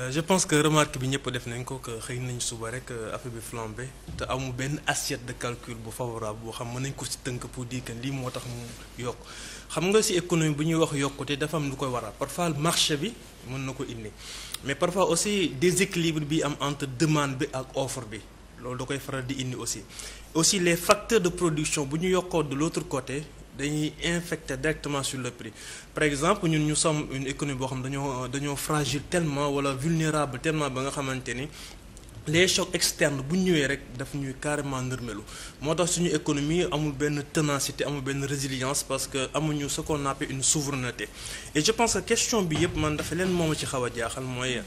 Euh, je pense que remarque bi ñëpp def nañ ko que xëy nañ suba rek euh, affaire bi flambé te amul benn assiette de calcul bu favorable boo xam mën nañ ko si tënk pour dire que lii moo tax mu yokk xam nga ci économie bu ñuy wax yokkute dafa am lu koy waral parfois marché bi mën na ko indi mais parfois aussi déséquilibre bi am entre demande bi ak offre bi loolu da koy faral di indi aussi aussi les facteurs de production bu ñu yokkoo de l'autre côté dañuy infecter directement sur le prix par exemple ñun ñu somme une économie boo xam dañoo dañoo fragile tellement wala vulnérable tellement ba nga xamante ni les chocs externe bu ñëwee rek daf ñuy carrément nërmelu moo tax suñu économie amul benn ténacité amul benn résilience parce que amuñu ce qu'on appelle une souveraineté et je pense que question bi yëpp man dafa leen moom ci xaw a jaaxal mooy euh,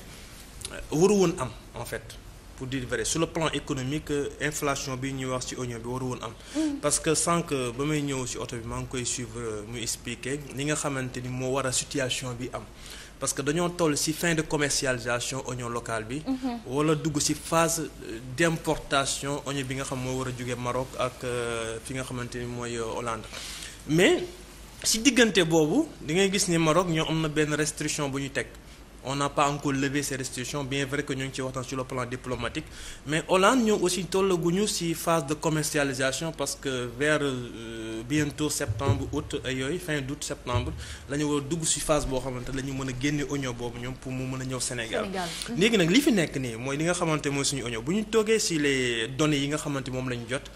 waru woon am en fait pour dire vrai sur le plan économique euh, inflation bi ñuy wax ci oignon bi war woon am. Mm. parce que sànq ba may ñëw ci oto bi maa ngi koy suivre euh, muy expliquer li nga xamante ni moo war a situation bi am. parce que dañoo toll ci fin de commercialisation oignon local bi. Mm-hmm. wala dugg ci phase euh, d'importation oignon bi nga xam moo war a jóge Maroc ak fi nga xamante ni mooy Hollande mais ci diggante boobu da ngay gis ni Maroc ñoo am na benn restriction bu ñu teg. on n'a pas encore levé ces restitutions bien vrai que ñu ngi ciy waxtaan sur le plan diplomatique mais Hollande ñoom aussi tollaguñu ci phase de commercialisation parce que vers euh, bientôt septembre août euh, yooyu fin doute septembre la ñu war a dugg ci phase boo xamante la ñu mën a génne oignon boobu ñoom pour mu mën a ñëw Sénégal mmh. léegi nag li fi nekk nii mooy li nga xamante mooy suñu oignon bu ñu toogee ci les données yi nga xamante moom la ñu jot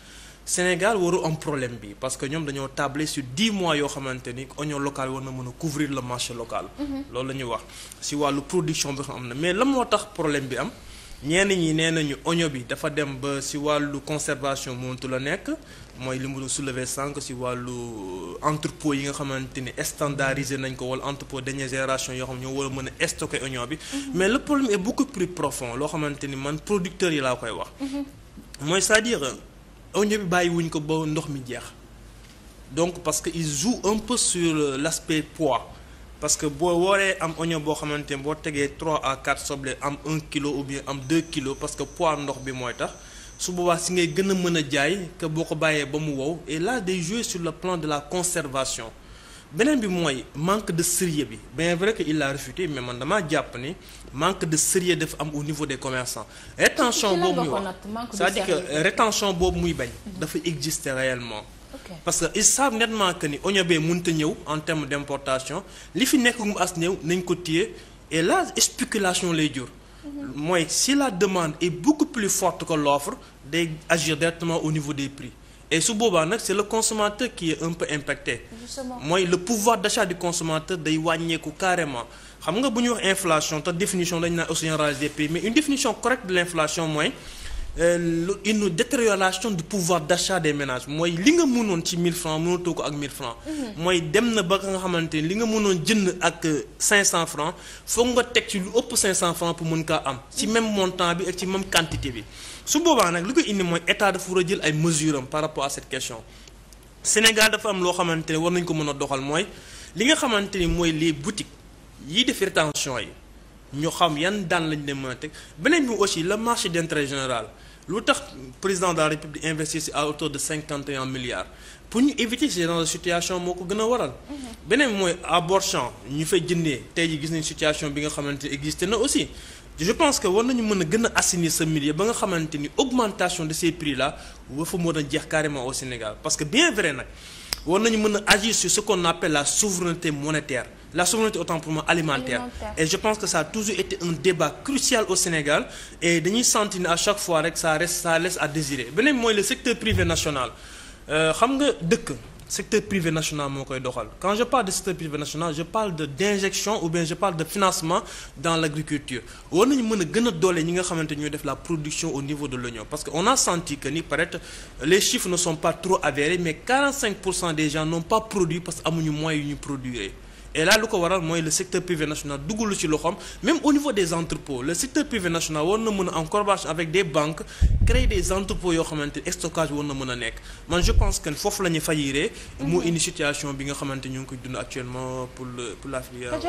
Sénégal waru am problème bi parce que ñoom dañoo tablé sur dix mois yoo xamante ni oignon local war na mën a couvrir le marché local. Mhm. loolu la ñuy wax si wàllu production bi xam am na mais lan moo tax problème bi am. ñenn ñi nee nañu oignon bi dafa dem ba si wàllu conservation mënatu la nekk mooy li mu doon soulever sànq si wàllu euh, entrepôt yi nga xamante ni standardisé nañ ko wala entrepôt dernière génération yoo xam ñoo war a mën a stocké oignon bi. Mhm. mais le problème est beaucoup plus profond loo xamante ni man producteurs yi laa koy wax. Mhm. mooy cest oignon bi bàyyiwuñ ko ba ndox mi jeex donc parce que il joue un peu sur l'aspect poids parce que boo waree am oignon boo xamante ne boo tegee trois à 4 soble am 1 kilo ou bien am deux kilos parce que poids ndox bi mooy tax su boobaa si ngay gën a mën a jaay que boo ko bàyyee ba mu wow et là day jouer sur le plan de la conservation beneen bi mooy manque de sérieux bi bien vrai que il l'a réfuté mais man dama jàpp ni manque de sérieux dafa am au niveau des commerçants rétention boobu muy wax c'est-à-dire que rétention boobu muy bañ mhm. dafa exister réellement Okay. parce que ils savent nettement que ni oignon bee mënut a ñëw en terme d' importation li fi nekk mu as néew nañ ko téye et la spéculation lay jur. Mhm. mooy si la demande et beaucoup plus forte ko l' offre day agir directement au niveau des prix. et su boobaa nag c'est le consommateur qui est un peu impacté. mooy le pouvoir d'achat du consommateur day wàññeeku carrément. xam nga bu ñu wax inflation te définition dañ naan au des mais une définition correcte de l'inflation mooy. Euh, une détérioration du pouvoir d'achat des ménages mooy li nga mënoon ci 1000 francs mënatoo ko ak 1000 francs mhm. mooy dem na ba nga xamante ni li nga mënoon jënd ak 500 euh, francs foog nga teg ci lu ëpp 500 francs pour mën kaa am ci même montant bi ak ci même quantité bi su boobaa nag li ko indi mooy état dafa war a jël ay mesures am par rapport à cette question Sénégal dafa am loo xamante ne war nañ ko mën a doxal mooy li nga xamante ni mooy lii boutiques yi def rétention yi ñu xam yan daan lañ leen mën a teg beneen bi aussi le marché d'intérêt général lu tax président de la république investir si à hauteur de cinquante et un milliards pour ñu éviter ce genre de situation moo ko gën a waral. Mhm. beneen mooy à bord ñu fay jëndee tey ji gis nañ situation bi nga xamante ne existé na aussi. je pense que war nañu mën a gën a assainir ce milieu ba nga xamante ni augmentation de ces la là fu moo doon jeex carrément au Sénégal parce que bien vrai nag war nañu mën a agir sur ce qu'on appelle la souveraineté monétaire. la souveraineté autant pour moi alimentaire. alimentaire et je pense que ça toujours été un débat crucial au Sénégal et dañuy sentir ne à chaque fois rek ça reste ça laisse à désirer beneen mooy le secteur privé national euh, xam nga dëkk secteur privé national moo koy doxal quand je parle de secteur privé national je parle de d'injection ou bien je parle de financement dans l'agriculture war nañu mën a gën a doole ñi nga xamante ñooy def la production au niveau de l'oignon parce ni peut-être les chiffres ne sont pas trop avérés mais 45 pour cent des gens n'ont pas produit parce que amuñu moyens yu ñu et lu ko waral mooy le secteur privé national duggulu ci loxoom même au niveau des entrepôts le secteur privé national war na mën a en collaboration avec des banques créer des entrepôts yoo xamante ne stockage war na mën a nekk man je pense que foofu la ñu fayiree. mu mhm. indi situation bi nga xamante ñu ngi koy dund actuellement pour le pour la filière.